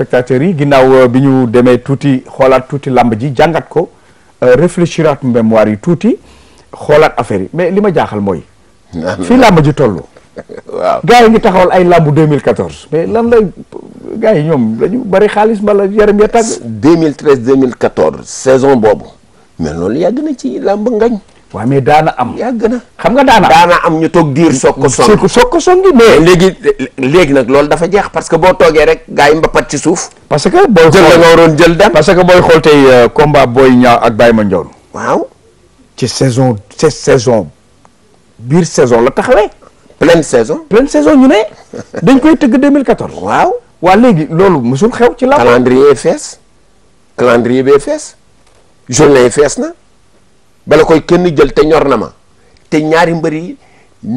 spectateurs yi ginnaaw euh, bi ñu demee tuuti xoolaat tuuti làmb ji jàngat ko euh, réfléchiraat mémoire yi tuuti xoolaat affaire yi mais li ma jaaxal mooy. fii làmb ji toll. waaw gars yi ngi taxawal ay làmb 2014 mais lan la gars yi ñoom dañu bari xaalis mbala yaram ya tàgg. 2013 2014 saison boobu mais loolu yàgg na ci làmb ngañ. waaw mais daana am yàgg na xam nga daana daana am ñu toog diir soog ko songi soog ko songi mais léegi léegi nag loolu dafa jeex parce que boo toogee rek gars yi mbapat ci suuf parce que booy jël la nga waroon jël daan parce que booy xool tey euh, combat booy ñaaw ak Baye Mandione waaw ci saison ci saison biir saison la taxawee pleine saison pleine saison ñu ne dañ koy tëgg 2014 waaw waa léegi loolu mosul xew ci la calendrier fees calendrier bee fees journée fees na bala koy kenn jël te ñor na ma te ñaari mbër yi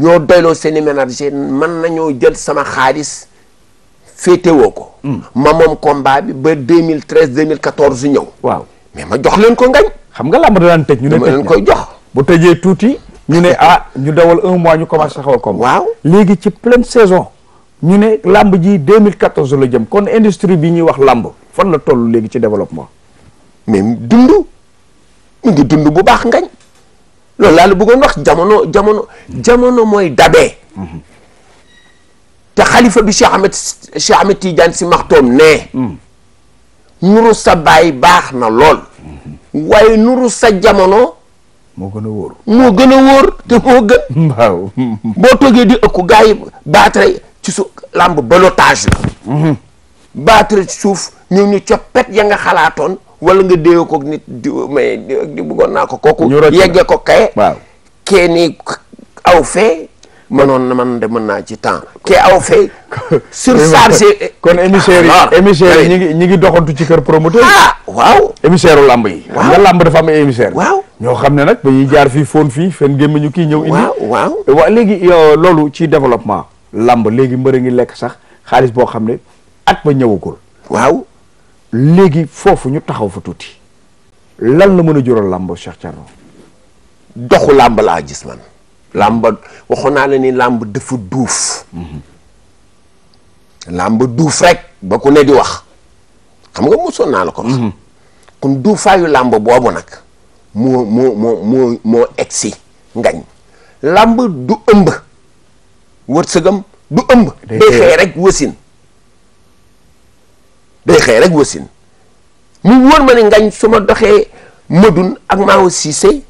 ñoo doyloo seen i ménager mën nañoo jël sama xaalis féetewoo ko. Hmm. ma moom combat bi ba 2013 2014 ñëw. waaw mais ma jox leen ko ngañ. xam nga làmb da daan tëj ñu ne. tëj leen koy jox. bu tëjee tuuti ñu ne ah ñu dawal un mois ñu commencé xawal ko. waaw léegi ci pleine saison. ñu ne làmb ji 2014 la jëm kon industrie bi ñuy wax làmb fan la toll léegi ci développement. mais dund. ñu ngi dund bu baax ngañ loolu laa la bëggoon wax jamono jamono jamono mooy dabee te xalifa bi Cheikh Ahmed Cheikh si maxtoom nee nuru sa baay baax na lool waaye nuru sa jamono moo gën a wóor moo te moo gën boo toogee di ëkku gars yi mhm. ci suuf làmb ci suuf ñu ñu coppet ya nga xalaatoon wala nga déew ko nit di mais di naa ko kooku yegge ko kaye waaw kee nii aw fee mënoon na man de mën naa ci temps kee aw fee surchargé kon émissaires yi émissaires yi ñi ngi ñi ngi doxantu ci kër promoteur ah waaw émissaire u lamb yi nga làmb dafa am ay émissaire waaw ñoo xam ne nag ba ñuy jaar fii foon fii fen gémmiñu kii ñëw indi waaw waaw eh, léegi loolu ci développement làmb léegi mbër a ngi lekk sax xaalis boo xam ne at ba ñëwagul waaw léegi foofu ñu taxaw fa tuuti lan la mën a jural làmb Cheikh Thierno doxu làmb laa gis man làmb waxoon naa la ni làmb dafa duuf mhm. làmb duuf rek ba ku ne di wax xam nga mosoon naa la ko wax mhm. kon duufaayu làmb boobu nag moo moo moo moo egsi ngañ làmb du ëmb wërsëgam du ëmb day xëy rek wasin day xëy rek wasin mu wóor ma ne ngañ su ma doxee madun ak maawa siise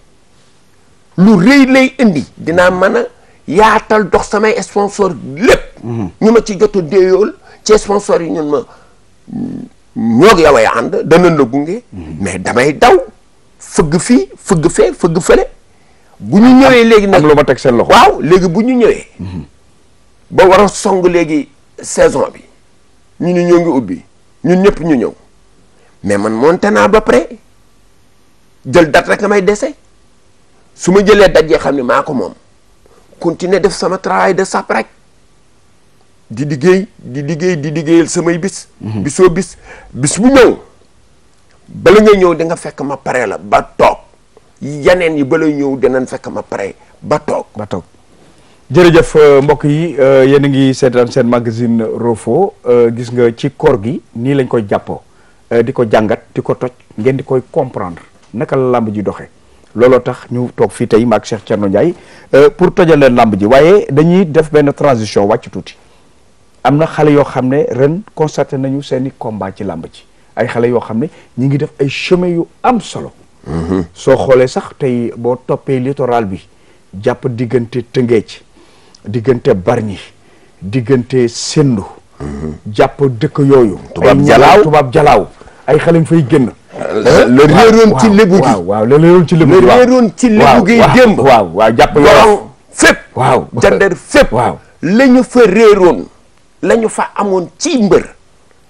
lu rëy lay indi dinaa mën a yaatal dox samay sponsor lépp mhm. ñu ma ci jot a déeyool ci sponsor yi ñun ma ñoog yow ay ànd danañ la gunge mhm. mais damay daw fëgg fii fëgg fee fële bu ñu ñëwee léegi nag lu ma teg seen loxo waaw léegi bu ñu ñëwee mhm. ba war a song léegi saison bi ñu ni ñoo ngi ubbi ñun ñëpp ñu ñëw mais man moonte naa ba pare jël date rek damay dese su ma jëlee date yi xam ne maa ko moom continuer def sama travail de sap rek di liggéey di liggéey di liggéeyal samay bis. Mhm. bisoo bis bis bu ñëw bala nga ñëw dinga fekk ma pare la ba toog yeneen yi bala ñëw dinañ fekk ma pare ba toog. ba toog. jërëjëf euh, mbokk yi euh, yéen a ngi seetaan seen magazine Roffo euh, gis nga ci koor gi nii lañ koy jàppoo di ko jàngat di ko toj ngeen di koy comprendre naka la làmb ji doxe looloo tax ñu toog fii tey maag Cheikh Thierno Ndiaye pour tojal leen làmb ji waaye dañuy def benn transition wàcc tuuti am na xale yoo xam ne ren constaté nañu seen i combat ci làmb ji ay xale yoo xam ne ñi ngi def ay chemin yu am solo. Mm-hmm. soo xoolee sax tey boo toppee littoral bi jàpp diggante Tëngéej. diggante Bargny diggante sendu mhm. jàpp dëkk yooyu tubaab jalaaw tubaab ay xale fay génn la réeroon ci lébu gi la réeroon ci lébu gi la waaw waaw jàpp yorof fépp waaw jandeer fépp waaw fa réeroon la fa amoon ci mbër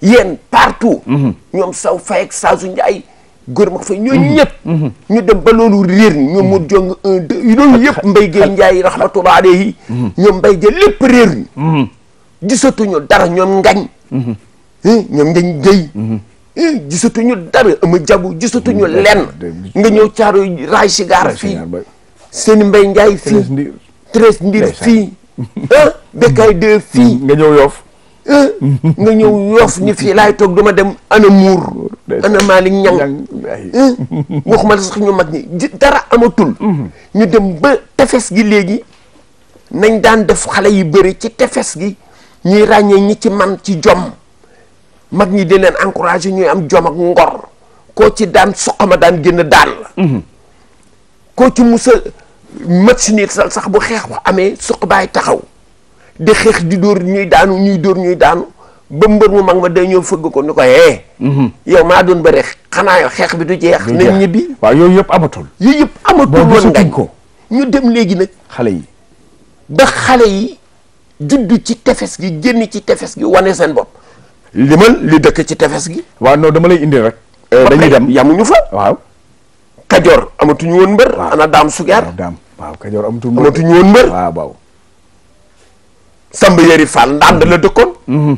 yéen partout mhm. ñoom saw fayek saasu ay góor ma fay ñooñu mm-hmm. ñëpp mm-hmm. ñu dem ba loolu réer ñi ñoom Modou Diong mm-hmm. un deux loolu yëpp Mbaye Gueye Ndiaye rahmatullah alayhi ñoom Mbaye Gueye lépp réer ñi gisatuñu dara ñoom ngañ eh, ñoom ngañ Gueye eh, gisatuñu dara ama jabu gisatuñu lenn nga ñëw caaro raay sigaar fii seen Mbaye Ndiaye fii Thérèse Ndir fii ah Bécaye Deux fii nga ñëw yoof Eh, nga ñëw yoof ni fii laay toog duma dem ana muur ana Malick Niang eh, waxuma la sax ñu mag ñi dara amatul mhm. ñu dem ba tefes gi léegi nañ daan def xale yu bëri ci tefes gi ñuy ràññee ñi ci man ci jom mag ñi di leen encouragé ñuy am jom ak ngor koo ci daan soqama daan génn daan mhm. koo ci musa match nit sax bu xeex amee suq baay taxaw di xeex di dóor ñuy daanu ñuy dóor ñuy daanu ba mbër mu mag ma day ñëw fëgg ko ni ko hee mhm. yow maa doon bëre xanaa yow xeex bi du jeex nañ ñibbi waaw yooyu yëpp amatul yooyu yëpp amatul woon ngañ ko ñu dem léegi nag xale yi ba xale yi juddu ci tefes gi génn ci tefes gi wane seen bopp li man dëkk ci tefes gi waaw non dama lay indi rek eh, dañuy dem yamuñu fa waaw amatuñu woon mbër ana daam sugeer daam waaw kajoor amatuñu woon mbër waaw waaw Samba Yëri Fall ndànd la dëkkoon. Mhm.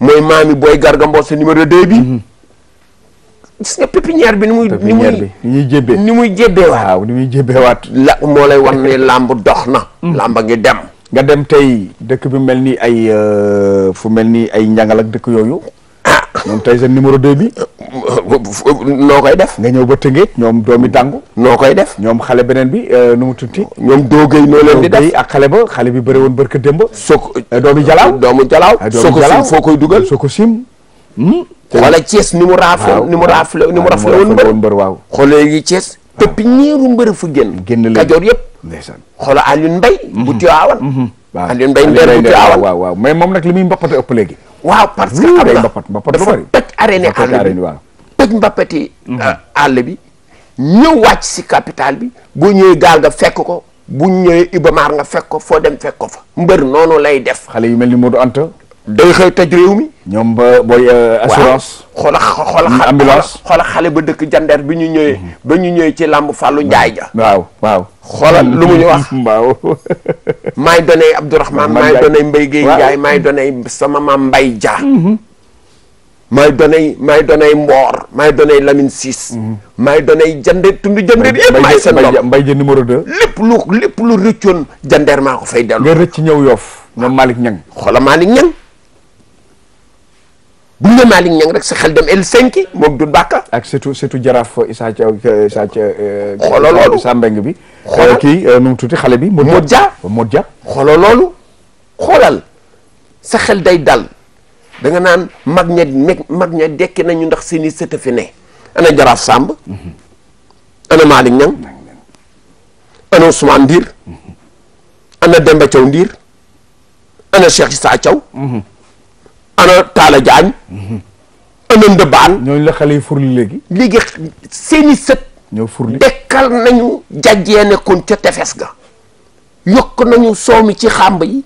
mooy maami booy Garga Mbossé numéro 2 bi. Mhm. gis nga pépinière bi ni muy ni muy ni muy ni muy jébbeewaat waaw ni muy jébbeewaat la moo lay wan ni làmb dox na. Mhm. làmba ngi dem. nga dem tey dëkk bi mel ni ay euh, fu mel ni ay njàngal ak dëkk yooyu ñoom tey seen numéro 2 bi. noo koy def. nga ñëw ba Tëngéej ñoom doomi dàngu. noo koy def ñoom xale beneen bi euh, nu mu tuuti. ñoom doogay noo leen def ak xale ba xale bi bëri woon barka démb. soog euh, doomi jalaaw doomu jalaaw. soo ko sim foo koy dugal soo ko sim. Hmm? wala Thiès ni mu raafle ni mu raafle ni mu rafle woon mbër waaw xool léegi Thiès tëpp ñeeru mbër fu génn génn leen Kajoor yëpp ndeysaan xoola Alioune bu Tiwaawan waaw Alioune Mbaye Nder bu mais moom nag li muy mbappate ëpp léegi waaw parce que xam nga mbapat mbapat dafa toj arène àll bi toj mbapat yi àll bi ñëw wàcc si capital bi bu ñëwee gaal nga fekk ko bu ñëwee Ibamaar nga fekk ko foo dem fekk ko fa mbër noonu lay def xale yu mel ni Modou Anta day xëy toj réew mi ñoom ba booy. Euh, assurance xoola xoola. Mm, ambulance xale ba dëkk jandeer bi ñu ñëwee. Mm-hmm. ba ñu ñëwee ci làmb fàllu njaay ja. waaw waaw. xoolal lu mu ñu wax. waaw. maay donay Abdourahmane maay donay Mbaye Guèye Ndiaye maay donay sama maam mbay Dia. Mm-hmm. maay donay maay donay Mboor maay donay Lamine Ciss. Mm-hmm. maay donay jandeer tund jandeer yëpp. maay seen doom Mbaye Dia numéro lépp lu lépp lu rëccoon jandeer maa ko fay dellu. nga rëcc ñëw yoof. ñoom ah. Malick Niang. xoola Malick Niang. bu ñu nee Malick Niang rek sa xel dem L5 moog du bàkka ak surtout surtout jaraaf euh, Issa Thiaw euh, Issa euh, bi. xoolal tuuti xale bi. Modou Dia Modou Dia. xooloo loolu xoolal sa xel day dal danga naan mag ña nekk mag dekki nañu ndax seen i sët a fi ne. ana jaraaf Samb. Mm-hmm. ana Malick Niang. ana Ousmane Ndir. Mm-hmm. ana Demba Thiaw Ndir. ana Cheikh Issa ana Talla Diagne. ana Ndebane. ñooñu la xale yi furli léegi. léegi seeni sët. ñoo furli dekkal nañu jajjee nekkoon ca tefes ga. yokk nañu soow mi ci xàmb yi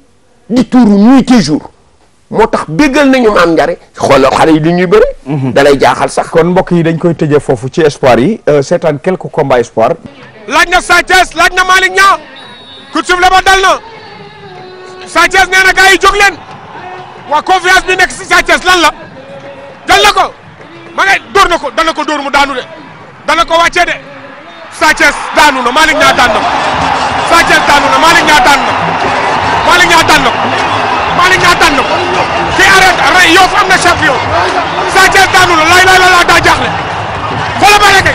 di tuuru nuit et jour moo tax béggal nañu maam njare xoolal xale yi du ñuy bëre. Mhm. da lay jaaxal sax. kon mbokk yi dañ koy tëje foofu ci espoir yi euh, seetaan quelques komba espoir. laaj na Sa Thiès laaj na Malick Niang ku suuf la ba dal na Sa Thiès nee na yi jóg waa confiance bi nekk si Sa lan la jël na ko ma ne na ko dana ko dóor mu daanu de dana ko wàccee de Sa daanu na Malick Niang daan daanu na Malick Niang daan na na ko Malick Niang daan na ko kii arrêté rey am na champion Sa daanu na lay lay la laa daa jaaxle xoolal ma rek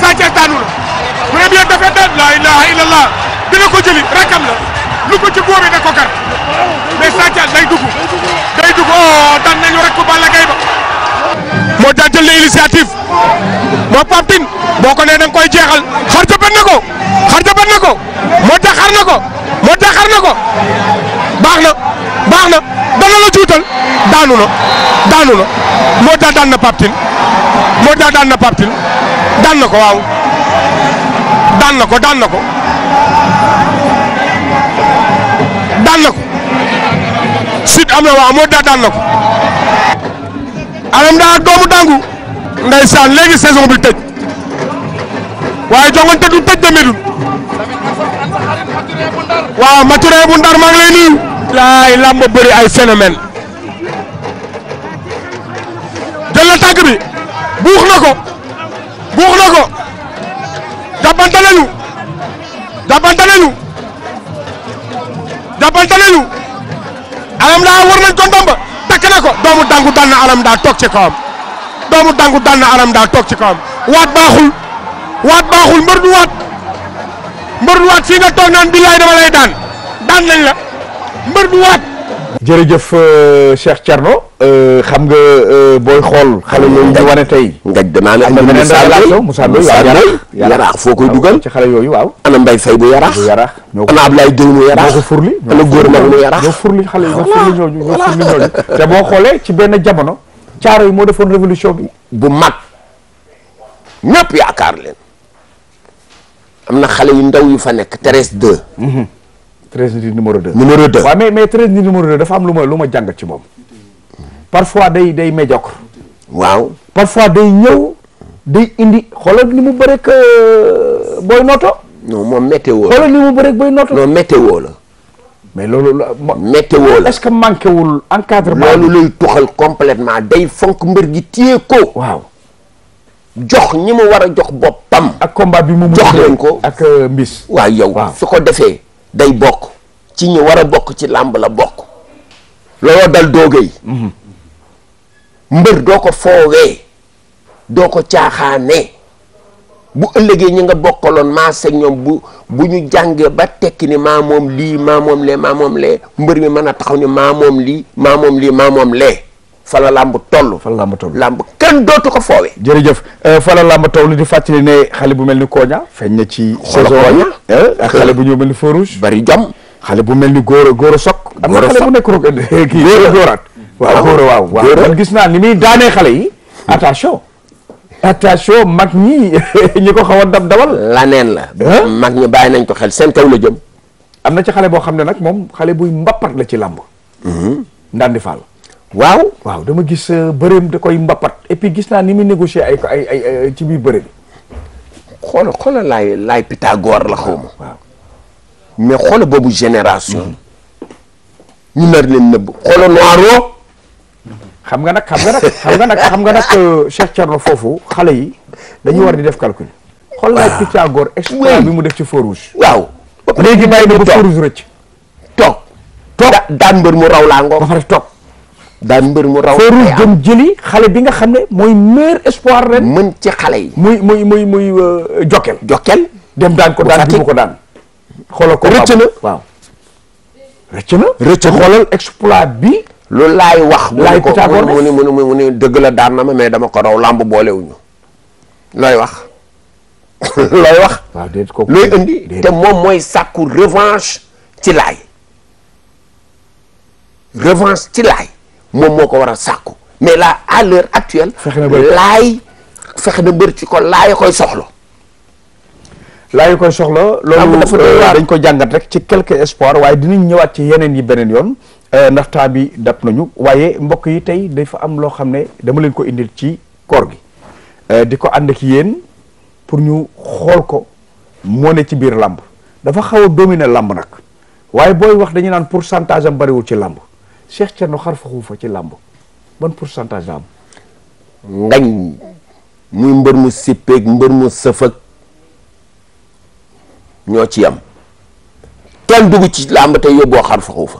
Sa Thiès daanu na première défaite la ilaha illallah dina ko jëli rakam la. jublu ko ci góob yi ne ko kar mais Sa Thiès day dugg day dugg oh daan nañu rek ko Balla Gaye ba. moo daan jël moo Pape boo ko nee da koy jeexal xar jëppan na ko xar jëppan na ko moo taxar na ko moo taxar na ko baax na baax na dana la juutal daanu na daanu na moo daan daan na Pape Tine na ko waaw daan na ko daan na ko. daan na ko sud am na waaw moo daan daan na ko alam daa doomu dangu ndeysaan léegi saison bi waaye jongante du tëj de Médoune waaw maturé bu ndar laay làmb bëri ay phénomène jël na tànk bi buux na ko buux na ko jàppante nañu jàppante nañu jàppante nañu alam daa war nañ ko ndomba takk na ko doomu dangu daan na alam daa toog ci kawam doomu dangu daan na alam daa toog ci kawam waat baaxul waat baaxul mbër du waat mbër du waat fii nga toog naan billaay dama lay daan daan nañ la mbër du waat jërëjëf euh, Cheikh Thierno euh, xam nga euh, booy xool xale yooyu wane tey. ngaj danaa ne indi Moussa Ndoye Moussa Ndoye waaw yaraax foo koy dugal ci xale yooyu waaw. ana mbay Faye bu yaraax. bu yaraax ñoo ko ana Ablaye mu yaraax. ñoo ko furli ana góor mag mu yaraax. ñoo furli xale yi ñoo furli te boo xoolee ci benn jamono. caaro yi moo defoon révolution bi. bu mag ñëpp yaakaar leen am na xale yu ndaw yu fa nekk Thérèse 2. trésorier numéro 2. numéro 2 waaw mais mais trésorier numéro 2 dafa am lu ma lu ma jàngat ci moom. parfois day day médiocre. waaw parfois day ñëw day indi xoolal ni mu bëreeg euh, booy noto. non moom météo la xoolal ni mu bëreeg booy noto. mais loolu la météo la est-ce que manqué wul encadrement. loolu lay tuxal complètement day fonk mbër gi téye ko. waaw jox ñi mu war a jox boppam. ak combat bi mu mujj jox leen ko ak euh, mbis. waaw yow su ko defee. day bokk ci ñi war a bokk ci làmb la bokk looloo dal doogay mhm. mbër doo ko foowee doo ko caaxaanee bu ëllëgee ñi nga bokkaloon maa seeg ñoom bu bu ñu jàngee ba tekki ni maa moom lii maa moom lee maa mbër mi mën a taxaw ni maa moom lii maamoom lii maa moom lee fa làmb toll. fa la làmb toll làmb kenn dootu ko foowe. jërëjëf euh, fa la làmb toll di fàttali ne xale bu mel ni Koña feeñ na ci. saison euh, ak xale bu ñëw mel ni feu rouge. bari jom xale bu mel ni góor góor a sokk. am na xale bu nekk a góoraat. waaw góor waaw waaw gis naa ni muy daanee xale yi attention. attention mag ñi ñi ko xaw a dab dawal. laneen la. mag ñi bàyyi nañ ko xel seen kaw la jëm. am na ci xale boo xam ne nag moom xale buy mbappat la ci làmb. Mhm. ndandi faal. waaw waaw dama gis euh, bëreem da koy mbappat et puis gis naa ni muy négocier ay ay ay ci biir bëre bi. xoolal xoolal laay laay Pythagore la xaw ma. mais xoolal boobu génération. ñu nar leen nëbb xoolal noiro. xam nga nag xam nga nag xam nga nag xam nga nag euh, Cheikh Thierno foofu xale yi dañu war di def calcul. xool laay ah. Pythagore bi mu def ci feu rouge. waaw léegi bàyyi na ba feu rouge rëcc. toog toog daan mbër mu raw laa ngoog ba pare toog. daal mbër mu raw. fooru jëm jëli xale bi nga xam ne mooy meilleur espoir ren. mën ci xale yi. muy muy muy muy euh, Jokkel. Jokkel dem daan ko daan jiwu ko daan. xoolal ko rëcc na waaw. rëcc na rëcc xoolal exploit bi. lu laay wax. laay pitagore mu ne mu ne mu ne dëgg la daan na ma mais dama ko raw làmb boolewuñu. looy wax looy wax. waaw déedéet kooku looy indi te moom mooy sàkku revanche ci laay. revanche ci laay. moom moo ko war a sàkku mais là à l'heure actuelle laay fexe na bëri ci ko laay koy soxlo laay koy soxla loolu euh, dañ ko jàngat rek ci quelque espoir waaye dinañ ñëwaat ci yeneen yi beneen yoon euh, ndax temps bi dab nañu waaye mbokk yi tey dafa am loo xam ne dama leen ko indil ci koor gi euh, di ko ànd ak yéen pour ñu xool ko moo ne ci biir làmb dafa xaw a dominer làmb nag waaye booy wax dañu naan pourcentage am bariwul ci làmb Cheikh Thierno xar fa xuufa ci làmb ban pourcentage la am. ngañ muy mbër mu sippeek mbër mu sëfëg ñoo ci am kenn dugg ci làmb te yóbboo xar fa xuufa.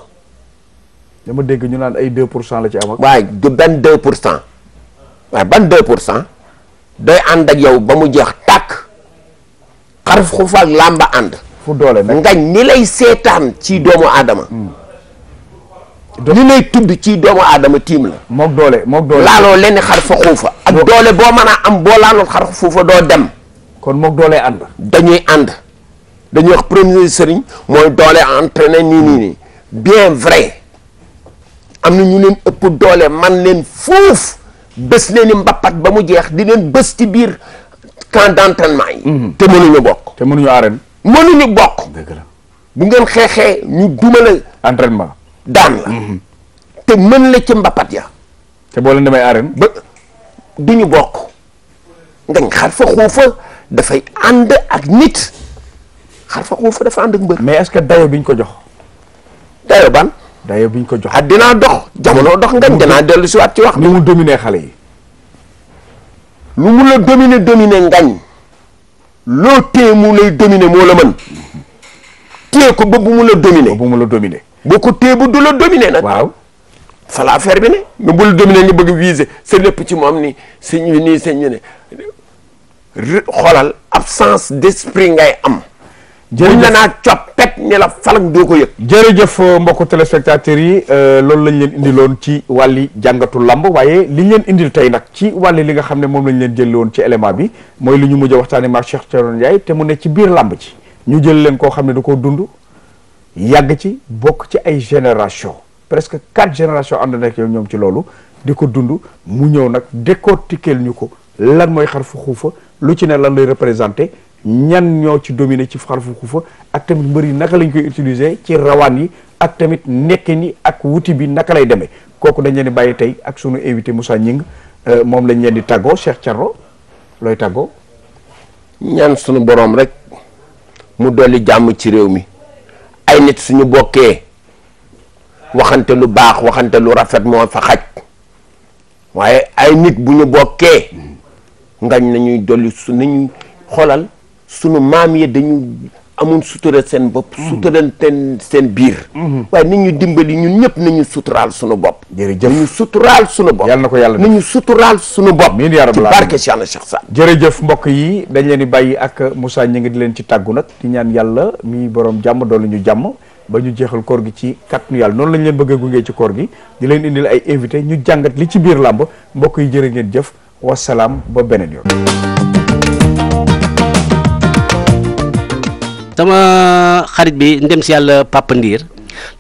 dama dégg ñu naan ay 2 pour cent la ci am waaye du pour cent waaye ban 2 pour cent day ànd ak yow ba mu jeex tàkk xar xuufa làmb ànd. fu doole nag ngañ ni lay seetaan ci doomu aadama. Hmm. li lay tudd ci doomu aadama tiim la. moog doole moog doole. laaloo lenn xar fa xuufa. ak doole boo mën a am boo laaloon xar fa xuufa doo dem. kon moog doole ànd. dañuy ànd dañuy wax premier sëriñ mooy doole entraîné nii nii nii bien vrai am na ñu leen ëpp doole man leen foofu bés leen i mbappat ba mu jeex di leen bés ci biir camp d'entraînement yi. Mhm. te mënuñu bokk. te mënuñu arène. mënuñu bokk. bu ngeen xeexee ñu dumale. entraînement. daan la. Mhm. te mën la ci mbapat ya. te boo leen demee arène. ba du ñu bokk ngañ xar fa xuufa dafay ànd ak nit xar fa xuufa dafa ànd ak mbër. mais est-ce que dayo bi ñu ko jox. dayo ban. dayo bi ñu ko jox ah dinaa dox jamono dox ngañ dinaa dellu waat ci wax. ni mu dominer xale yi. lu mu la dominer dominer ngañ. loo téye mu lay dominer moo la mën. téye ko ba bu mu la dominer. ba boo ko téebu du la dominer nag. waaw fa la bi ne. mais bu la dominer nga bëgg viser sa lépp ci moom ni sëñ bi nii sëñ bi ne xoolal absence d'esprit ngay am. jërëjëf buñ la naa coppet ne la falak doo ko yëg. jërëjëf euh, mbokku téléspectateurs yi euh, loolu lañ leen indiloon ci wàlli jàngatu lamb waaye ñu leen indil tey nag ci wàlli li nga xam ne moom lañ leen jëlee woon ci élément bi mooy li ñu mujj a waxtaanee maak Cheikh Thierno Ndiaye te mu ne ci biir lamb ci ñu jël leen koo xam ne da koo dund. yàgg ci bokk ci ay génération presque quatre génération am na ak ñoom ci loolu di ko dund mu ñëw nag décortiquer ñu ko lan mooy xarfu xuufa lu ci ne lan lay représenté ñan ñoo ci dominé ci xarfu xuufa ak tamit mbër yi naka lañ koy utiliser ci rawaan yi ak tamit nekkin yi ak wuti bi naka lay demee kooku dañ leen di bàyyi tey ak sunu invité Moussa Gningue euh, moom lañ leen di tàggoo Cheikh Thiaro looy tàggoo ñan sunu boroom rek mu dolli jàmm ci réew mi ay nit suñu bokkee waxante lu baax waxante lu rafet moo fa xaj waaye ay nit bu ñu bokkee ngañ nañuy dolli su nañuy xolal sunu maam yi dañu amun sutura seen bopp hmm. suturante seen biir hmm. waaye nit ñu dimbali ñun ñëpp nañu suturaal sunu bopp jërëjëf nañu suturaal sunu bopp yàlla na ko yàlla nañu suturaal suñu bopp miin yaa rabbi barke Cheikh na Cheikh Sall jërëjëf mbokk yi dañ leen di bàyyi ak Moussa ñi ngi di leen ci tàggu nag di ñaan yàlla mi borom jàmm doolu ñu jàmm ba ñu jeexal koor gi ci kàttanu yàlla noonu lañ leen bëggee gungee ci koor gi di leen indil ay invité ñu jàngat li ci biir làmb mbokk yi jërë ngeen jëf wasalaam ba beneen yoon sama xarit bi ndem si yàlla Papa Ndiir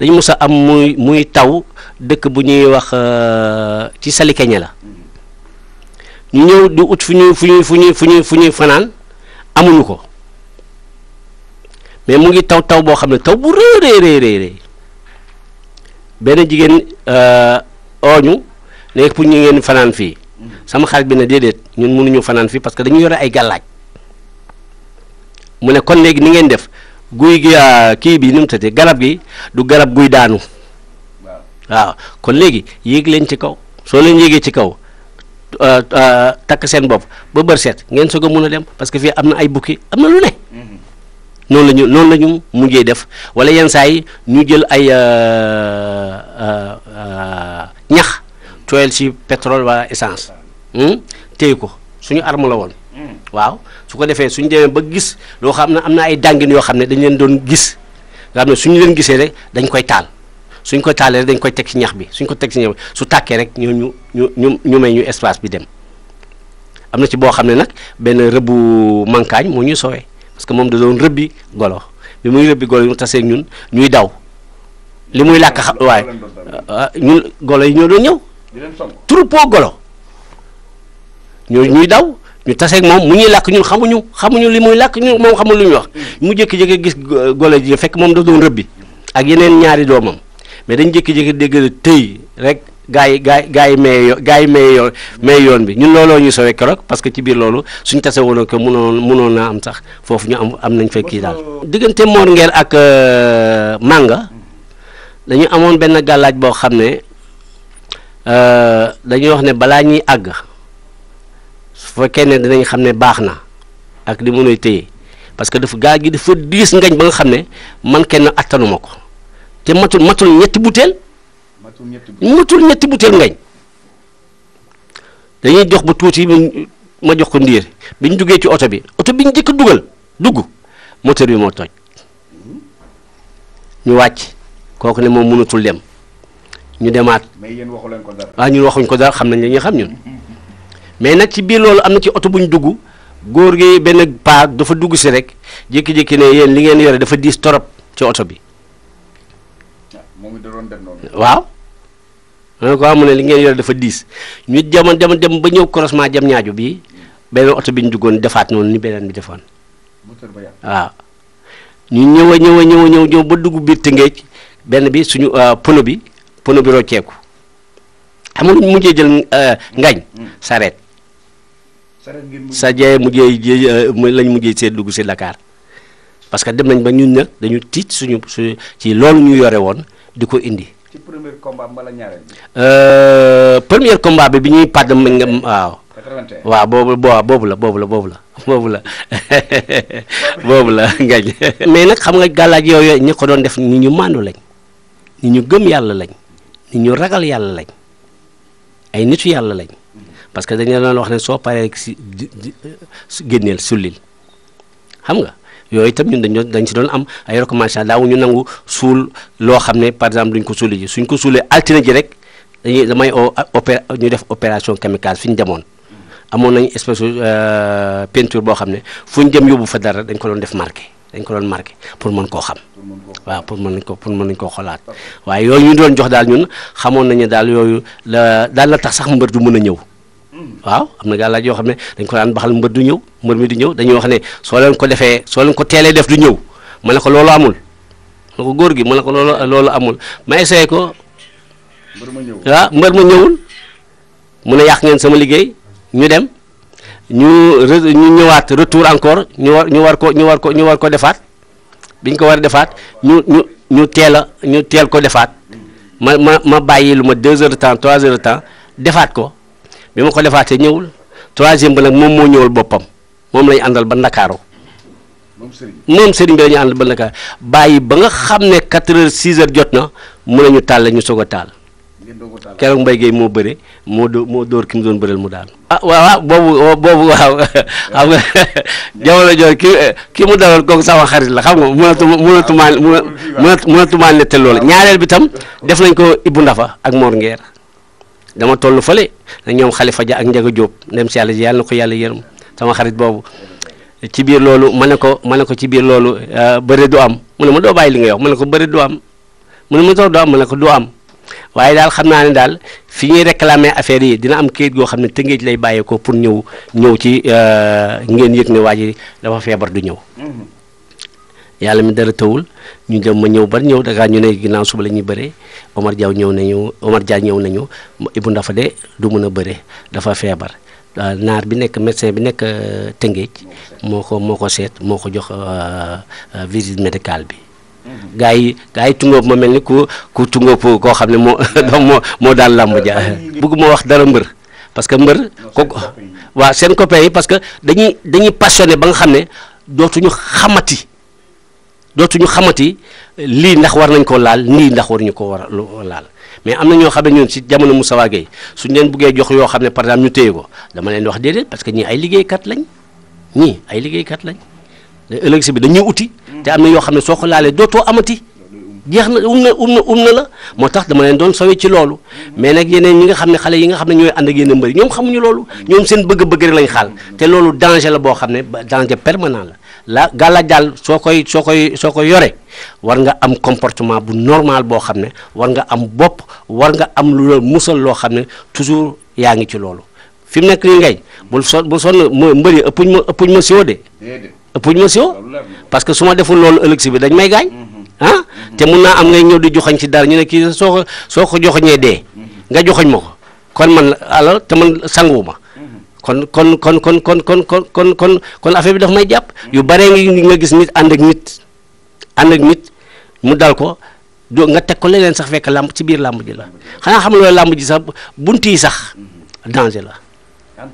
dañu mos a am muy muy taw dëkk bu ñuy wax euh, ci Salikeñe la ñu ñëw di ut fu ñuy fu ñuy fu ñuy fu ñuy fanaan amuñu ko mais mu ngi taw taw boo xam ne taw bu rëy rëy rëy rëy benn jigéen euh, ooñu nekk pour ñu ngeen fanaan fii sama xarit bi ne déedéet ñun mënuñu fanaan fii parce que dañu yore ay gàllaaj mu ne kon léegi ni ngeen def guy gi ah, kii bi ni mu tëddee garab gi du garab guy daanu waaw kon léegi yéeg leen ci kaw soo leen yéegee ci kaw ah, ah, takk seen bopp ba bër set ngeen soog a mun a dem parce que fii am na ay bukki am na lu ne mm-hmm. noonu la ñu noonu mujjee def wala yenn saa yi ñu jël ay ñax tooyal si petrole wala essence mm-hmm. hmm? téye ko suñu arme la woon mm-hmm. waaw su ko defee suñ demee ba gis loo xam ne am na ay dàngin yoo xam ne dañ leen doon gis nga xam ne suñu leen gisee rek dañ koy taal suñ ko taalee rek dañ koy teg ci ñax bi suñ ko teg ci ñax bi su tàkkee rek ñu ñu ñu ñu may ñu espace bi dem am na ci boo xam ne nag benn rëbbu mankaañ moo ñuy soowee parce que moom da doon rëbbi golo bi muy rëbbi golo ñu tasee ñun ñuy daw li muy làkk xam waaye ah ñu golo yi ñoo doon ñëw troupeau golo ñoo ñuy daw ñu taseeg moom mu ñuy làkk ñun xamuñu xamuñu li muy làkk ñun moom xamul lu ñuy wax mu jékki-jékki gis golo ji fekk moom daf doon rëbbi ak yeneen ñaari doomam mais dañ jékki-jékki dégg tëy rek gaa yi gaa gaa yi may gaa yi may yoon may yoon bi ñun looloo ñu sowe keroog parce que ci biir suñ tase woon ko mënoon mënoon naa am sax foofu ñu am am nañ fekk daal. diggante Mor Ngel ak euh, màng dañu amoon benn gàllaaj boo xam ne euh, dañuy wax ne balaa ñuy àgg. fekkee ne dinañ xam ne baax na ak li mënuy téye parce que dafa gaa gi dafa diis ngañ ba nga xam ne man kenn attanuma ko te matul matul ñetti butéel matul ñetti butéel ngañ dañuy jox bu tuuti ma jox ko ndiir bi ñu duggee ci oto bi oto bi ñu njëkk dugal dugg moteur bi moo toj ñu wàcc kooku ne moom mënatul dem ñu demaat. mais yéen waxu leen ko dara. ah ñun waxuñ ko dara xam nañ li ñu xam ñun. mais nag ci biir loolu am na ci oto bu ñu dugg góor gi benn paa dafa dugg si rek jékki-jékki ne yéen li ngeen yore dafa diis torop ci oto bi. waaw. loolu quoi mu ne li ngeen yore dafa diis ñu jamono dem dem ba ñëw croisement jam ñaaju bi benn oto bi ñu duggoon defaat noonu ni beneen bi defoon. waaw. ñu ñëw a ñëw a ñëw ñëw ñëw ba dugg biir Tëngéej benn bi suñu euh, pono bi pono bi rocceeku xam nga mujjee jël euh, ngañ sareet mm. sa Sadio mujjee euh, lañ mujjee see dugg si Dakar parce que dem nañ ba ñun nag dañu tiit suñu su ci loolu ñu yore woon di ko indi. ci premier combat mbala ñaareel. Euh, bi bi ñuy pàdd ma nga waaw. waaw boobu boobu la boobu la boobu la boobu la boobu la ngañ mais nag xam nga gàllaaj yooyu ñu ko doon def ni ñu màndu lañ ni ñu gëm yàlla lañ ni ñu ragal yàlla lañ ay nit yàlla lañ. parce que dañu leen wax ne soo paree si génneel sullil xam nga yooyu itam ñun dañ dañ si doon am ay recommandations daawuñu nangu suul loo xam ne par exemple duñ ko suuli ji suñ ko suulee altine ji rek dañuy damay opé ñu def opération kamikaze fi ñu demoon amoon nañ espèce euh, peinture boo xam ne fu ñu jëm yóbbu fa dara dañ ko doon def marqué dañ ko doon marqué pour mën koo xam. waaw pour mën nañ ko pour mën nañ koo xolaat waaye yooyu ñu doon jox daal ñun xamoon nañu daal yooyu la daal la tax sax mbër du mën a ñëw. waaw am na gàllaaj yoo xam ne dañ ko daan baxal mbër du ñëw mbër mi du ñëw dañuy wax ne soo leen ko defee soo leen ko teelee def du ñëw ma ne ko loolu amul ma ne ko góor gi ma ne ko loolu loolu amul ma essayé ko. mbër ma ñëwul waaw ah, mbër ma ñëwul mu ne yàq ngeen sama liggéey ñu dem ñu ñu ñëwaat retour encore ñu war ñu war ko ñu war ko ñu war ko defaat biñ ko war a defaat ñu ñu ñu teel a ñu teel ko defaat ma ma ma bàyyi lu ma deux heures de temps trois heures temps defaat ko. bi ma ko defaatee ñëwul troisième ba nag moom moo ñëwul boppam moom lañu àndal ba ndakaaru moom sëriñ bi la ñu ba ndakaaru bàyyi ba nga xam ne quatre heures six heures jot na mun nañu tàlle ñu soog a taal keroog mbay géey moo bëre moo dóor moo dóor ki mu doon bëreel mu daal ah waaw boobu boobu waaw xam nga jamono ki ki mu daloon kooku sama xarit la xam nga mënatuma mënatuma ah, mënatuma nettali loolu ah, ñaareel bi tam def nañ ko Ibou Ndafa ak Mor Ngeer dama toll fële nag ñoom xalifa ja ak njaga jóob ndem si yàlla ji yàlla na ko yàlla yërëm sama xarit boobu ci biir loolu ma ne ko ma ne ko ci biir loolu euh, bëri du am mu ne ma doo bàyyi li nga wax ma ne ko bëri du am mu ne ma doo am ma ne ko du am waaye daal xam naa ne daal fi ñuy réclamer affaire yi dina am kayit goo xam ne tëngéej lay bàyyeekoo pour ñëw ñëw ci euh, ngeen yëg ne waa ji dafa feebar du ñëw mm-hmm. yàlla mi dara tawul ñu dem ma ñëw ba ñëw Dakar ñu ne ginnaaw suba la ñuy bëree Omar Diaw ñëw nañu Omar Dia ñëw nañu Ibou Ndafa de du mën a bëre dafa feebar euh, naar bi nekk médecin bi nekk euh, Tëngéej moo ko moo ko seet moo ko jox euh, visite médicale bi. Mhm. gaa yi gaa yi tungóob ma mel ni ku ku koo xam ne moo moo moo daal làmb ja bëgguma wax dara mbër parce que mbër ko waaw seen copain yi parce que dañuy dañuy passionné ba nga xam ne dootuñu xamati. dootuñu xamati lii ndax war nañ koo laal nii ndax waruñu ko war a laal mais am na ñoo xam ne ñun si jamono mu Moustapha Gueye suñ leen buggee jox yoo xam ne par exemple ñu téye ko dama leen wax déedéet parce que ñii ay kat lañ ñii ay liggéey kat lañ ëllëg si bi dañuy uti te am na yoo xam ne soo ko laalee dootoo amati jeex na um na um na um la moo tax dama leen doon sawee ci loolu mais nag yeneen ñi nga xam ne xale yi nga xam ne ñooy ànd ak yeneen mbëri ñoom loolu ñoom seen bëgg-bëgg rek lañ xaal te loolu danger boo xam ne danger permanent la la gàllaaj daal soo koy soo koy soo koy yore war nga am comportement bu normal boo xam ne war nga am bopp war nga am lu la musal loo xam ne toujours yaa ngi ci loolu fi mu nekk nii ngay bul so bul sonn ma mbëri ëppuñ ma ëppuñ ma siwo de ëppuñ ma siwo parce que su ma deful loolu ëllëg si bi dañ may gaañ mm-hmm. ah mm-hmm. te mun naa am ngay ñëw di joxañ ci dara ñu ne kii soo ko soo ko joxañee dee nga joxañ ma ko kon man alors te man sanguwuma kon kon kon kon kon kon kon kon kon kon affaire bi dafa may jàpp yu bare ngi nga gis nit ànd ak nit ànd ak nit mu dal ko do nga teg ko leneen sax fekk làmb ci biir làmb ji la xanaa xam loolu làmb ji sax bunt yi sax danger la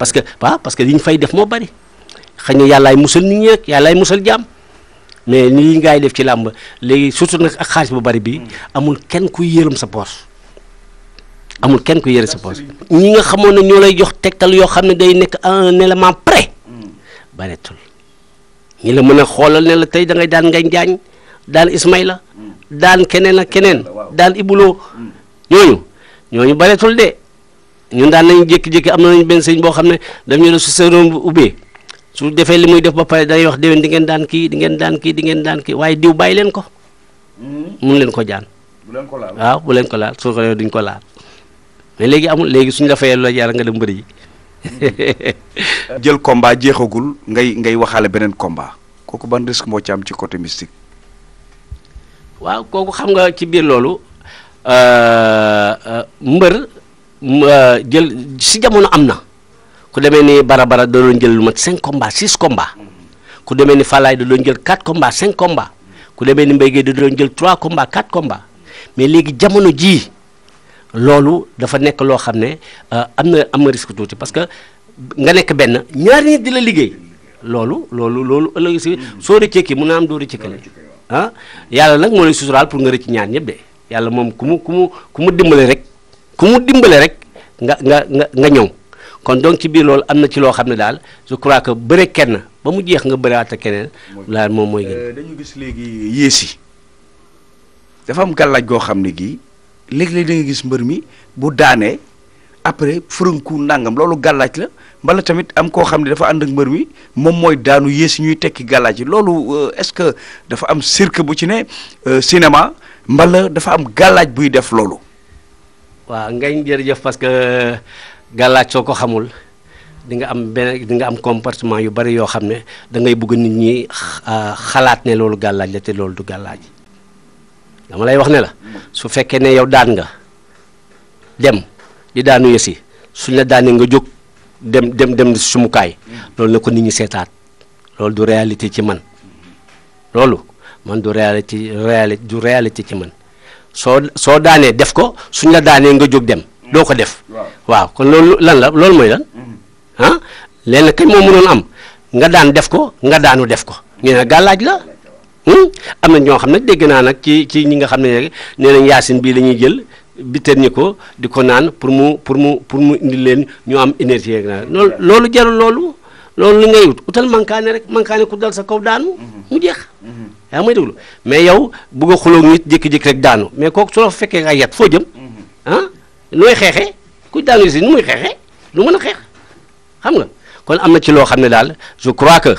parce que waaw parce que li fay def moo bari xëy na yàllaay musal nit ñi rek yàllaay musal jàmm mais ni yi ngay def ci làmb léegi surtout nag ak xaalis bu bari bi amul kenn kuy yërëm sa poos amul kenn ku yére sa poche ñi nga xamoon ne ñoo lay jox tegtal yoo xam ne day nekk un élément prêt bareetul ñi la mën a xoolal ne la tey da ngay daan ngañ jaañ daan Ismaïla daan keneen ak keneen daan Ibuloo ñooñu ñooñu bareetul de ñun daan nañu jékki-jékki am nañu benn sëñ boo xam ne daf ñu ne su seeroon bu ubbee su defee li muy def ba pare day wax déwén di ngeen daan kii dingeen daan kii di ngeen daan kii waaye diw bàyyi leen ko hmm. mun leen ko jaan waaw bu leen ko laal soo duñ ko laal mais léegi amul léegi suñu la fayee loo nga dem bëri ji. jël combat jeexagul ngay ngay waxaale beneen combat kooku ban risque moo ci am ci côté mystique. waaw kooku xam nga ci biir loolu euh, euh, mbër euh, jël si jamono am na ku demee ni Barabara da doon jël lu mat cinq combats ku demee ni Falaay da doon jël quatre combats cinq ku demee ni Mbaye Guèye da jël trois combats komba mais léegi jamono jii. loolu dafa nekk loo xam ne euh, am na am na risque tuuti parce que nga nekk benn ñaar nit di la liggéey loolu loolu loolu ëllëg si soo rëccee kii mun naa am doo rëcc kële ah yàlla nag moo lay suturaal pour nga rëcc ñaar ñëpp yàlla moom ku mu ku mu ku mu dimbale rek ku mu dimbale rek nga nga nga nga ñëw kon donc ci biir loolu am na ci loo xam ne daal je crois que bëre kenn ba mu jeex nga bërewaat ak keneen. laal moom mooy gën euh, dañu gis léegi yées yi dafa gàllaaj goo xam ne gii. léegi léeg da gis mbër mi bu daanee après fërënku nangam loolu gàllaaj la mbala tamit am koo xam ne dafa ànd ak mbër mi moom mooy daanu yées ñuy tekki gàllaaj yi loolu euh, est-ce que dafa am cirque bu ci ne euh, cinéma mbala dafa am gàllaaj buy def loolu. waaw ngay jërëjëf parce que euh, gàllaaj soo ko xamul. di nga am benn di nga am comportement yu bari yoo xam ne da ngay bëgg nit ñi xalaat ne loolu gàllaaj la te loolu du gàllaaj dama lay wax ne la su fekkee ne yow daan nga dem di daanu yësi suñ la daanee nga jóg dem dem dem sumukaay loolu na ko nit ñi seetaat loolu du réalité ci man loolu man du réalité réalité du réalité ci man soo soo daanee def ko suñ la daanee nga jóg dem doo ko def waaw kon loolu lan la loolu mooy lan mhm. ah lenn kañ moo mënoon am nga daan def ko nga daanu def ko ñu ne gàllaaj la Hmm? am na ñoo xam ne dégg naa nag ci ci ñi nga xam ne nee nañ yaasin bii la ñuy jël biteel ñi ko di ko naan pour mu pour mu pour mu indi leen ñu am énergie yeeg naa loolu loolu jarul loolu loolu li ngay wut utal mankaane rek mankaane ku dal sa kaw daanu mm-hmm. mu jeex mm-hmm. yaa may déglu mais yow bugg a xuloog nit jékki-jékki rek daanu mais kooku soo fekkee nga yat foo jëm mm-hmm. ah nooy xeexee ku daanu si nu muy xeexee lu mën a xeex xam nga kon am na ci loo xam ne daal je crois que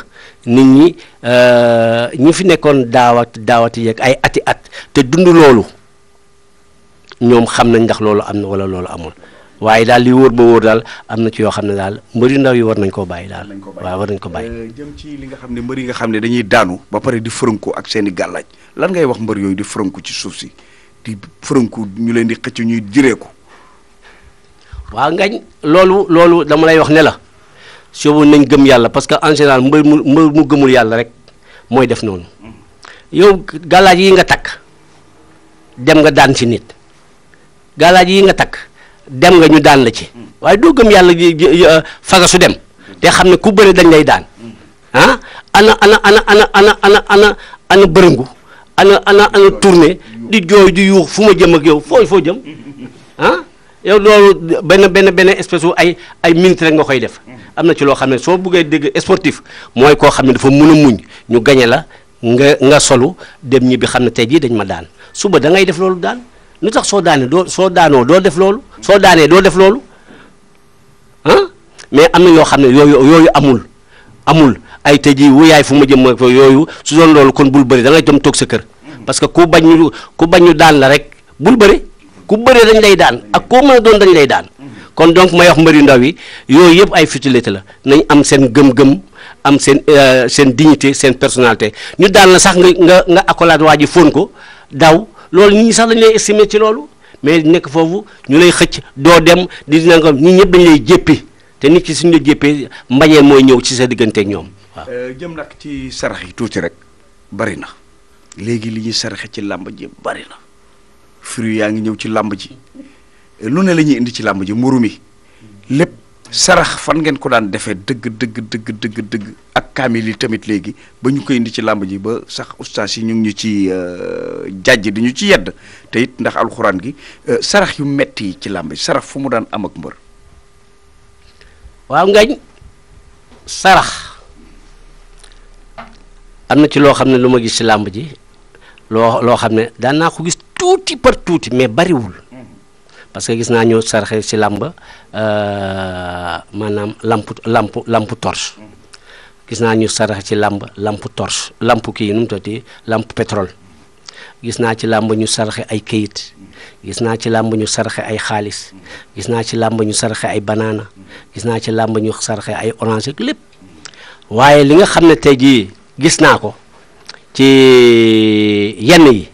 nit ñi euh, ñi fi nekkoon daawat daawati yeeg ay ati at te dund loolu ñoom xam nañ ndax loolu am na wala loolu amul waaye daal li wóor ba wóor daal am na ci yoo xam ne daal mbëri ndaw yi war nañ koo bàyyi daal waaw war nañ ko bàyyi euh, jëm ci li nga xam ne mbëri yi nga xam ne dañuy daanu ba pare di fërënku ak seeni i gàllaaj lan ngay wax mbër yooyu di fërënku ci suuf si di fërënku ñu leen di xëcc ñuy jireeku waaw ngañ loolu loolu dama lay wax ne la soobu nañ gëm yàlla parce que en général mbër mu mbër mu gëmul yàlla rek mooy def noonu yow galaaj yi nga takk dem nga daan ci nit galaaj yi nga takk dem nga ñu daan la ci waaye doo gëm yàlla faga su dem te xam ne ku bëri dañ lay daan ah ana ana ana ana ana ana ana ana bërëngu ana ana ana tournée di jooy di yuux fu ma jëm ak yow fooy foo jëm ah yow loolu benn benn benn espèce ay ay minutes rek nga koy def am na ci loo xam ne soo buggee dégg sportif mooy koo xam ne dafa mun a muñ ñu gañe la nga nga solu dem ñibbi xam ne tey jii dañ ma daan suba da ngay def loolu daan lu tax soo daanee doo soo daanoo doo def loolu soo daanee doo def loolu mais am na yoo xam ne yooyu yooyu amul amul ay tey jii wuyaay fu ma jëm mooy ma yooyu su doon loolu kon bul bëri da ngay dem toog sa kër parce que ku bañ ñu ku bañ ñu daan la rek bul bëri ku bëree dañ lay daan ak koo mën a doon dañ lay daan kon donc may wax mbëri ndaw yi yooyu yëpp ay futilité la nañ am seen gëm-gëm am seen euh, seen dignité seen personnalité ñu daal na sax nga nga nga accolade waa ji foon ko daw loolu ñu ñi sax dañu lay estimer ci loolu mais nekk foofu ñu lay xëcc doo dem di dina ko ñi ñëpp dañ lay jéppi te nit ki suñ la jéppee mbañeel mooy ñëw ci sa diggante ñoom euh, jëm nag ci sarax yi tuuti rek bari na léegi li ñuy saraxe ci làmb ji bari na fruit yaa ngi ñëw ci làmb ji. lu ne la indi ci làmb ji mburu mi lépp sarax fan ngeen ko daan defee dëgg dëgg dëgg dëgg dëgg ak kaamil yi tamit léegi ba ñu ko indi ci làmb ji ba sax ustaas yi ñu ngi ñu ci euh, jàjj di ñu ci yedd te it ndax alxuraan gi euh, sarax yu metti yi ci làmb ji sarax fu mu daan am ak mbër waaw ngañ sarax am na ci loo xam ne lu ma gis ci làmb ji loo loo xam ne daan naa ko gis tuuti par tuuti mais bariwul parce que gis naa ñoo sarxe ci làmb maanaam lamp lamp lamp gis naa ñu sarxe ci làmb euh, lamp torche lamp kii nu mu tuddati lamp gis naa ci làmb ñu sarxe ay kayit gis naa ci làmb ñu sarxe ay xaalis gis naa ci làmb ñu sarxe ay banaana gis naa ci làmb ñu sarxe ay orange lépp waaye li nga xam ne tey jii gis naa ko ci yenn yi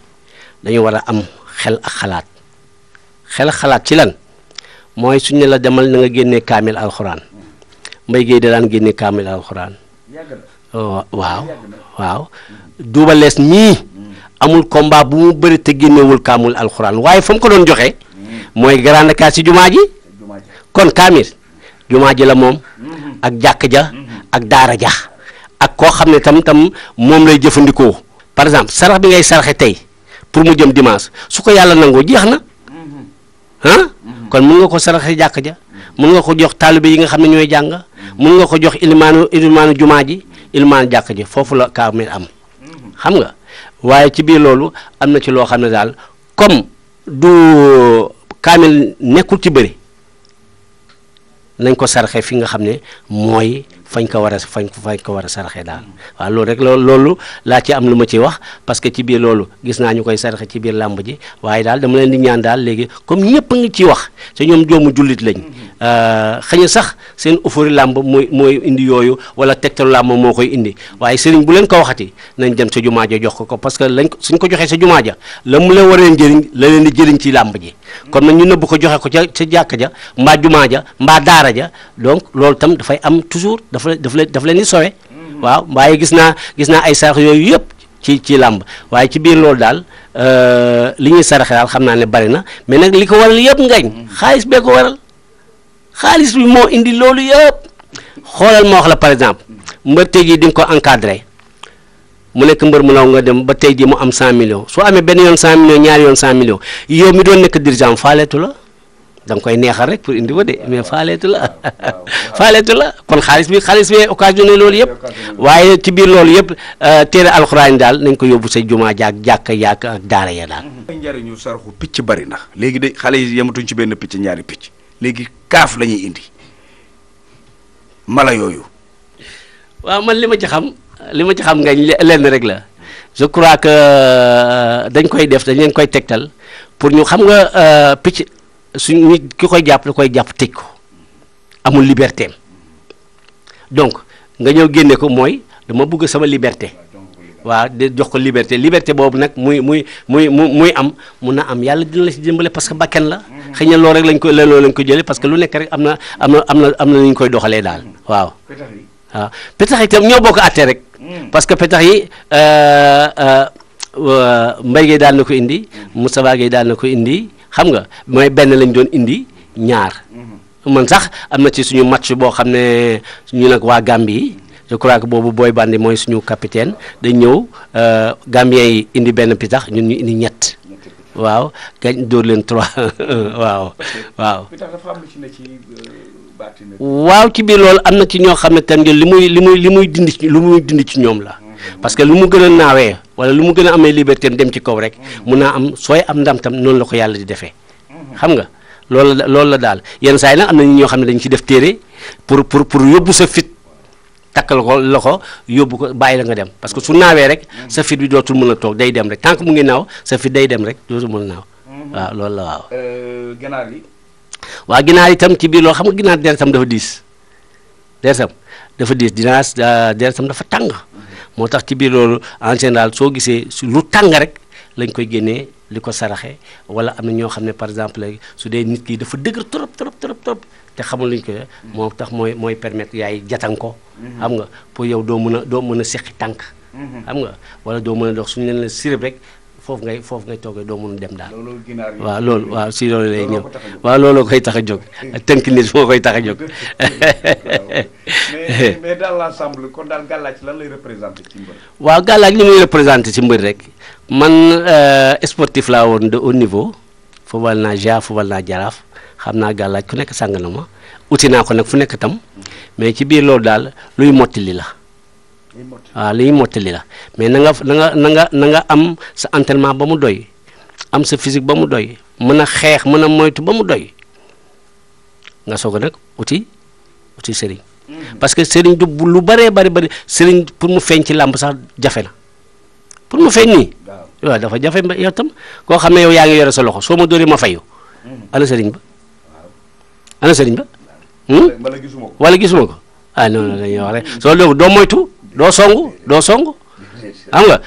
dañu war a am xel ak xalaat xel xalaat ci lan mooy suñ ne la demal na nga génnee kaamil alxuraan mbay géey da daan génne kaamil alxuraan oh, waaw waaw duuba amul combat bu mu bëri te génnewul kaamul alxuraan waaye fa mu ko doon joxe mooy Grand ci jumaa ji kon kaamil jumaa ji la moom mm-hmm. ak jàkk ja mm-hmm. ak daara ja ak koo xam ne tam tam moom lay jëfandikoo par exemple sarax bi ngay saraxe tey pour mu jëm dimanche su ko yàlla nangoo jeex na kon mun nga ko saraxe jàkk ja mun nga ko jox taalibe yi nga xam ne ñooy jàng mun nga ko jox ilimaanu ilimaanu jumaa ji ilimaanu jàkk ji foofu la kaamil am xam nga waaye ci biir loolu am na ci loo xam ne daal comme du kaamil nekkul ci bëri nañ ko saraxe fi nga xam ne mooy fañ ko war a fañ fañ ko war a saraxee daal waaw loolu rek loolu loolu laa ci am lu ma ci wax parce que ci biir loolu gis naa ñu koy saraxe ci biir làmb ji waaye daal dama leen di ñaan daal léegi comme ñëpp a ngi ciy wax te ñoom joomu jullit lañ euh, xëy sax seen ufuri làmb mooy mooy indi yooyu wala tegtalu làmb moo koy indi waaye sëriñ bu leen ko waxati nañ dem sa jumaa ja jox ko ko parce que lañ suñ ko joxee sa jumaa ja la mu leen waree njëriñ la leen di jëriñ ci làmb ji kon nag ñu nëbb ko joxe ko ca ca jàkka ja mbaa jumaa ja mbaa daara ja donc loolu tam dafay am toujours dafa dafa leen dafa leen di sowe mm-hmm. waaw waaye gis naa gis naa ay sarax yooyu yëpp ci ci làmb waaye ci biir loolu daal euh, li ñuy saraxe daal xam naa ne bari na mais nag li ko waral yëpp ngañ mm-hmm. xaalis bee ko waral xaalis bi moo indi loolu yëpp xoolal ma wax la par exemple mbër tey jii di nga ko encadré mu nekk mbër mu ndaw nga dem ba tey jii mu am 100 millions soo amee benn yoon 100 millions ñaari yoon 100 millions yow mi doon nekk dirigeant faaleetu la da nga koy neexal rek pour indi wa de mais faaleetu la la kon xaalis bi xaalis bi occasionné loolu yëpp waaye ci biir loolu yëpp euh, téere alxuraan daal nañ ko yóbbu sa jumaa jaak jàkka yàq ak daara ya daal. njariñu saraxu picc bari na léegi de xale yi yematuñ ci benn picc ñaari picc léegi kaaf lañuy ñuy indi mala yooyu. li ma ci xam nga lenn rek la je crois que euh, dañ koy def dañ leen koy tegtal pour ñu xam nga euh, picc suñ nit ki koy jàpp da koy jàpp tëj ko amul liberté donc nga ñëw génne ko mooy dama bugg sama liberté waa de jox ko liberté liberté boobu nag muy muy muy mu muy am mun na am yàlla dina la si dimbale parce que bakken la xëy na loolu rek lañ ko loolu lañ ko jëlee parce que lu nekk rek am na am na am na am na ñu koy doxalee daal waaw waaw petax itam ñoo bokk àttee rek parce que petax yi euh, euh, euh, Mbaye Gueye daal na ko indi Moustapha Gueye daal na ko indi xam nga mooy benn lañ doon indi ñaar mhm. man sax am na ci suñu match boo xam ne ñu nag waa Gambie yi crois boobu booy Bandi mooy suñu capitaine dañ ñëw Gambien yi indi benn pitax ñun ñu indi ñett waaw gañ dóor leen trois waaw waaw ci biir loolu am na ci ñoo xam ne tam li muy li muy li muy dindi ci li muy dindi ci ñoom la parce que lu mu gën a naawee wala lu mu gën a amee liberté dem ci kaw rek mun naa am sooy am ndam tam noonu la ko yàlla di defee xam nga loolu la loolu la daal yenn saa yi nag am na ñoo xam ne dañ ci def téere pour pour pour yóbbu sa fit takkal ko loxo yóbbu ko bàyyi la nga dem parce que su naawee rek sa fit bi dootul mën a toog day dem rek tant que mu ngi naaw sa fit day dem rek dootul mën a waa ginaar itam ci biir loolu xam nga ginaar deretam dafa diis deretam dafa diis dinaas ah, deretam dafa tàng moo tax ci biir loolu en général soo gisee lu tàng rek lañ koy génnee li ko saraxe wala am na ñoo xam ne par exemple su dee nit kii dafa dëgër trop trop trop trop te xamul luñ ko moo tax mooy mooy permettre yaay jatan ko mm-hmm. xam nga pour yow doo mën a doo mën a seqi tànk mm-hmm. xam nga wala doo mën a dox suñu leen la rek foofu ngay foofu ngay toogee doo mun dem daal. waaw loolu waaw si loolu lay ñëw waaw looloo koy tax a jóg tënk nit moo koy tax a jóg. mais kon daal lan lay représenté ci waaw gàllaaj li muy représenté ci mbër rek man euh, sportif laa woon de haut niveau football naa Gia football naa Jaraaf xam naa gàllaaj ku nekk sàng na ma uti naa ko nag fu nekk tam mm. mais ci biir loolu daal luy li la. waaw ah, li ñuy mottali la mais na nga na nga na nga na nga am sa entraînement ba mu doy am sa physique ba mu doy mën a xeex mën a moytu ba mu doy nga soog a nag uti uti sëriñ mm-hmm. parce que sëriñ du lu bëree bëri bëri sëriñ pour mu feeñ ci làmp sax jafe na pour mu feeñ nii waaw dafa jafe ba yow tam koo xam ne yow yaa ngi yore sa loxo soo ma dóoree ma fayu mm-hmm. ana sëriñ ba ana sëriñ ba hmm? wala gisuma ko ah non doo moytu doo song doo song am nga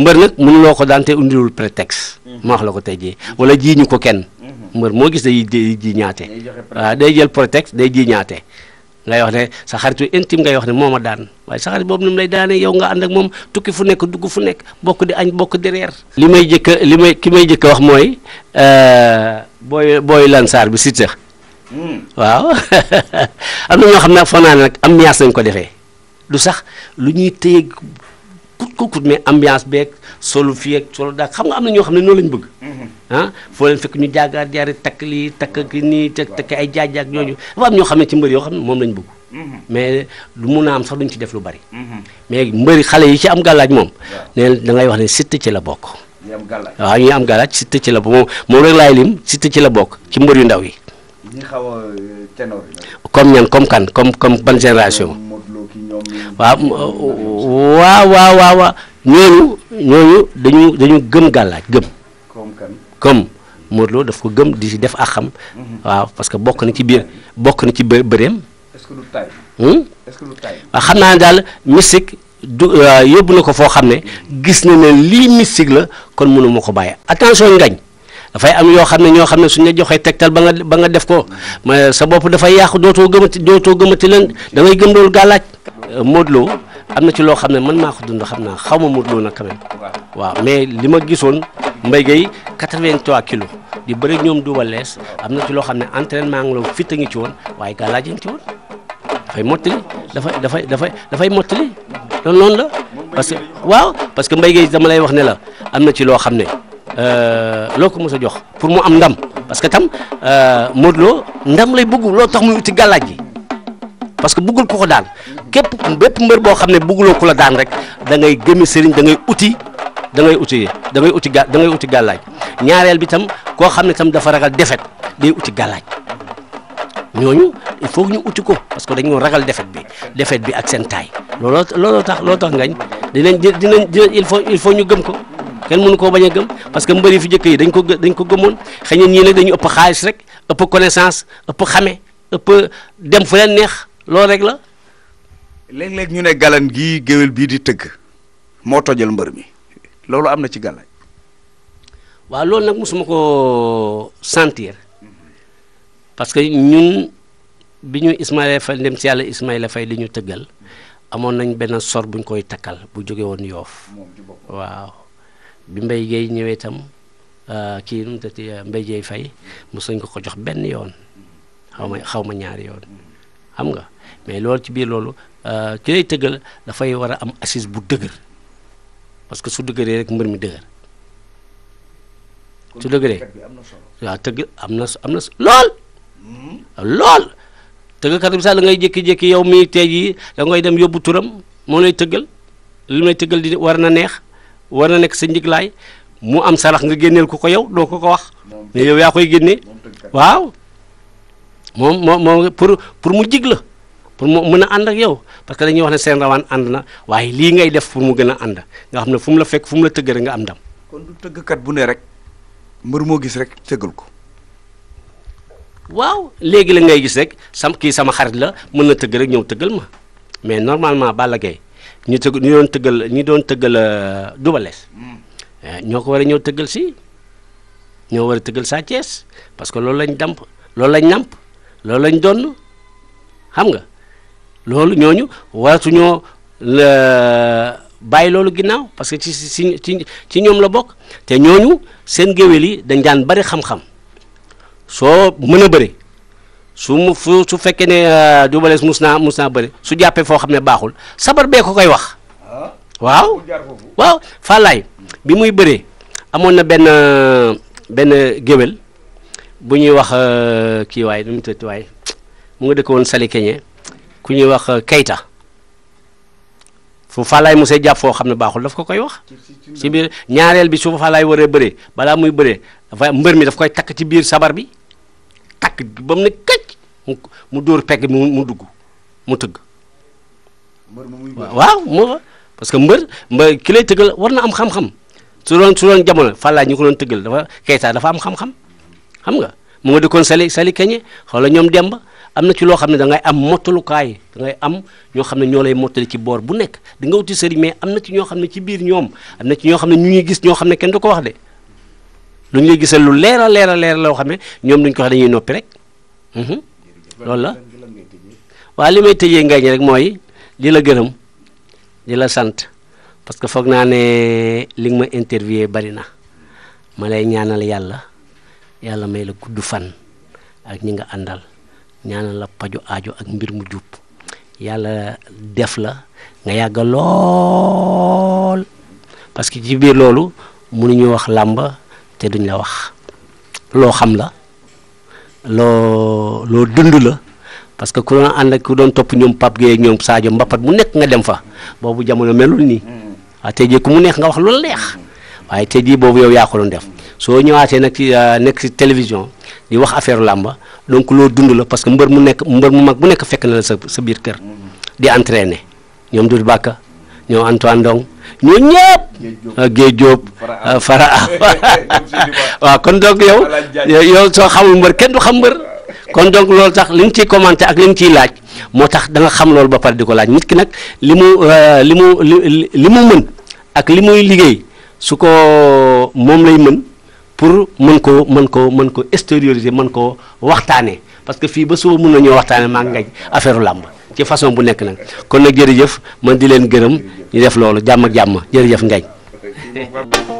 mbër nag loo ko daan te indiwul prétexte mhm. ma wax la ko tey jii wala jii ñu ko kenn mhm. mbër moo gis day jii ñaate waaw day jël prétexte day jii ñaate ngay wax ne sa xaritu intime ngay wax ne moo ma daan waaye sa xarit boobu ni mu lay daanee yow nga ànd ak moom tukki fu nekk dugg fu nekk bokk di añ bokk di li may jëkka li may ki may jëkka wax mooy euh, booy booy lansaar bi Siteu hmm. waaw am na ñoo xam ne fanaan nag am ñaas nañ ko defee lu sax lu ñuy téye kut ko kut mais ambiance beeg solu fii ak solu daal xam nga am na ñoo xam ne noonu lañ bëgg. Mm-hmm. ah foo leen fekk ñu jaagaar jaari takk lii takk ki nii takk ay jaajaak ñooñu dafa ñoo xam ne ci mbër yoo xam ne moom lañ bëgg. Mm-hmm. mais lu mun naa am sax duñ ci def lu bari. Mm-hmm. mais mbëri xale yi ci am gàllaaj moom. waaw dangay wax ne Siteu ci la bokk. ñi am gàllaaj waaw ñi am gàllaaj Siteu ci la moom moom rek laay lim ci la bokk ci mbër yu ndaw yi. xaw a euh, ténor yi comme ñan comme kan comme comme ban génération. waaw waaw waaw waaw waaw ñooñu ñooñu dañu dañu gëm gàllaaj gëm. comme kan comme daf ko gëm di si def ak xam. Mhm. waaw parce que bokk na ci biir bokk na ci bë bëreem. est hmm? waaw xam naa daal mystique du euh, yóbbu na ko foo xam ne gis na ne lii mystique la kon mënu ko bàyyi attention ngañ. dafay am yoo xam ne ñoo xam ne suñ la joxee tegtal ba nga def ko sa bopp dafay yàqu dootoo gëmati dootoo gëmati leen da gëm loolu gàllaaj Euh, Modou Lo am na ci loo xam ne man maa ko dund xam naa xaw ma Modou Lo nag quand waaw mais li ma gisoon Mbaye Gueye 83 kilos di bëri ñoom Double Less am na ci loo xam ne entraînement ngi la fit a ngi ci woon waaye gàllaaj a ngi ci woon dafay mottali dafay dafay dafay dafay mottali noonu la parce que waaw parce que Mbaye dama lay wax ne la am na ci loo xam ne euh, loo ko mos a jox pour mu am ndam parce que tam euh, Modou Lo ndam lay bëgg loo tax muy uti gàllaaj ji parce que buggul ko ko daan képp bépp mbër boo xam ne bugguloo ku la daan rek da ngay gëmi sëriñ da ngay uti da ngay uti da uti ga da ngay uti gàllaaj ñaareel bi tam koo xam ne tam dafa ragal defet day uti gàllaaj ñooñu il faut ñu uti ko parce que dañoo ragal defet bi defet bi ak seen taay looloo looloo tax looloo tax ngañ dinañ dinañ dinañ il faut il faut ñu gëm ko kenn mënu koo bañ a gëm parce que mbëri fi njëkk yi dañ ko dañ ko gëmoon xëy na ñii nag dañu ëpp xaalis rek ëpp connaissance ëpp xame ëpp dem fu leen neex. loolu rek la. léeg-léeg ñu ne galan gii géwél bii di tëgg moo tojal mbër mi loolu am na ci gàllaaj waaw loolu nag mosuma ko sentir parce que ñun bi ñu Ismaïla Faye dem si yàlla Ismaïla Faye li ñu tëggal amoon nañ benn sor buñ koy takkal bu jóge woon yoof waaw bi mbay Guèye ñëwee itam euh, kii nu mu tëddee euh, Mbaye Guèye Faye mosuñ ko ko jox benn yoon mm-hmm. xaw ma xaw ma ñaari yoon mm-hmm. xam nga mais loolu ci biir loolu euh, ki lay tëggal dafay war a am assise bu dëgër parce que su dëgëree rek mbër mi dëgër. su dëgëree waaw tëgg am na am na lool. Hmm? lool tëggkat bi sax da ngay jékki-jékki yow mi tey jii da ngay dem yóbbu turam moo lay tëggal li may tëggal di war na neex war na nekk sa njiglaay mu am sarax nga génneel ko ko yow doo ko ko wax. ne yow yaa koy génne waaw. moom moom moom pour pour mu jig la pour mu mën a ànd ak yow parce que dañuy wax ne seen rawaan ànd na waaye lii ngay def pour mu gën a ànd nga xam ne fu mu la fekk fu mu la tëgg rek nga am ndam. kon du tëggkat bu ne rek mbër moo gis rek tëggal ko. waaw léegi la ngay gis rek sam kii sama xarit la mën na tëgg rek ñëw tëggal ma mais normalement Balla ñu tëgg ñu doon tëggal ñu doon tëggal euh, Double hmm. eh, ñoo ko war a ñëw tëggal si ñoo war a tëggal Sa parce que loolu lañ damp loolu lañ namp loolu lañ donn xam nga loolu ñooñu waratuñoo bàyyi loolu ginnaaw parce que ci ci ci ñoom la bokk te ñooñu seen géwél yi dañ daan bari xam-xam soo mën a bëri su mu su fekkee ne euh, dubalees mus naa mus naa bëri su jàppee foo xam ne baaxul sabar bee ko koy wax ah. waaw waaw fàllaay bi muy bëree amoon na benn benn géwél bu ñuy wax euh, kii waaye nu mu tëdd waay mu nga dëkk woon Sali Keñe ku ñuy wax euh, Keita fu Falaye Moussé jàpp foo xam ne baaxul daf ko koy wax ci biir ñaareel bi su Falaye waree bëree balaa muy bëree mbër mi daf koy takk ci biir sabar bi takk ba mu ne këcc mu dóor pegg mu dugg mu tëgg waaw moo parce que mbër mbër ki lay tëggal war na am xam-xam su doon su doon jamono Falaye ñu ko doon tëggal dafa Keita dafa am xam-xam xam nga mu nga dëkkoon Sali Sali Keñe xoola ñoom Demba am na ci loo xam ne da ngay am mottalukaay dangay am ñoo xam ne ñoo lay mottali ci boor bu nekk di nga wuti sëriñ mais am na ci ñoo xam ne ci biir ñoom am na ci ñoo xam ne ñu ngi gis ñoo xam ne kenn du ko wax de lu ñu lay gisal lu leer a leer a leer loo xam ne ñoom duñ ko wax dañuy noppi rek mhm. loolu la waaw li may tëjee ngañ rek mooy di la gërëm di la sant parce que foog naa ne li nga ma interviewé bari na ma lay ñaanal yàlla yàlla may la gudd fan ak ñi nga àndal ñaanal la paju ajo ak mbir mu jub yàlla def la nga yàgg lool parce que ci biir loolu mënuñu wax làmba te duñ la wax loo xam la loo loo dund la parce que ku doon ànd ku doon topp ñoom Pape Gueye ñoom saajo mbappat mu nekk nga dem fa boobu jamono melul nii waaw mm. ah, tey jii ku mu neex nga wax lu la neex waaye te jii boobu yow yaa ko doon def soo ñëwaatee nag ci ah, nekk ci télévision di wax affaire làmba donc loo dund la parce que mbër mu nekk mbër mu mag bu nekk fekk na la sa sa biir kër di entraîner ñoom Doudou Bakka ñoom Antoine Ndong ñoo ñëpp Géey ah, Jóob Fara ah, waaw kon donc yow yow soo xamul mbër kenn du xam mbër kon donc loolu tax li nga ciy commenté ak li nga ciy laaj moo tax danga xam loolu ba pare di ko laaj nit ki nag li mu euh, li mu li mu mën ak li muy liggéey su ko moom lay mën pour mën ko mën ko mën ko extérioriser mën ko waxtaanee parce que fii ba suba mën nañoo waxtaanee maa ngi affaire làmb ci façon bu nekk nag kon nag jërëjëf man di leen gërëm ñu def loolu jàmm ak jàmm jërëjëf ngañ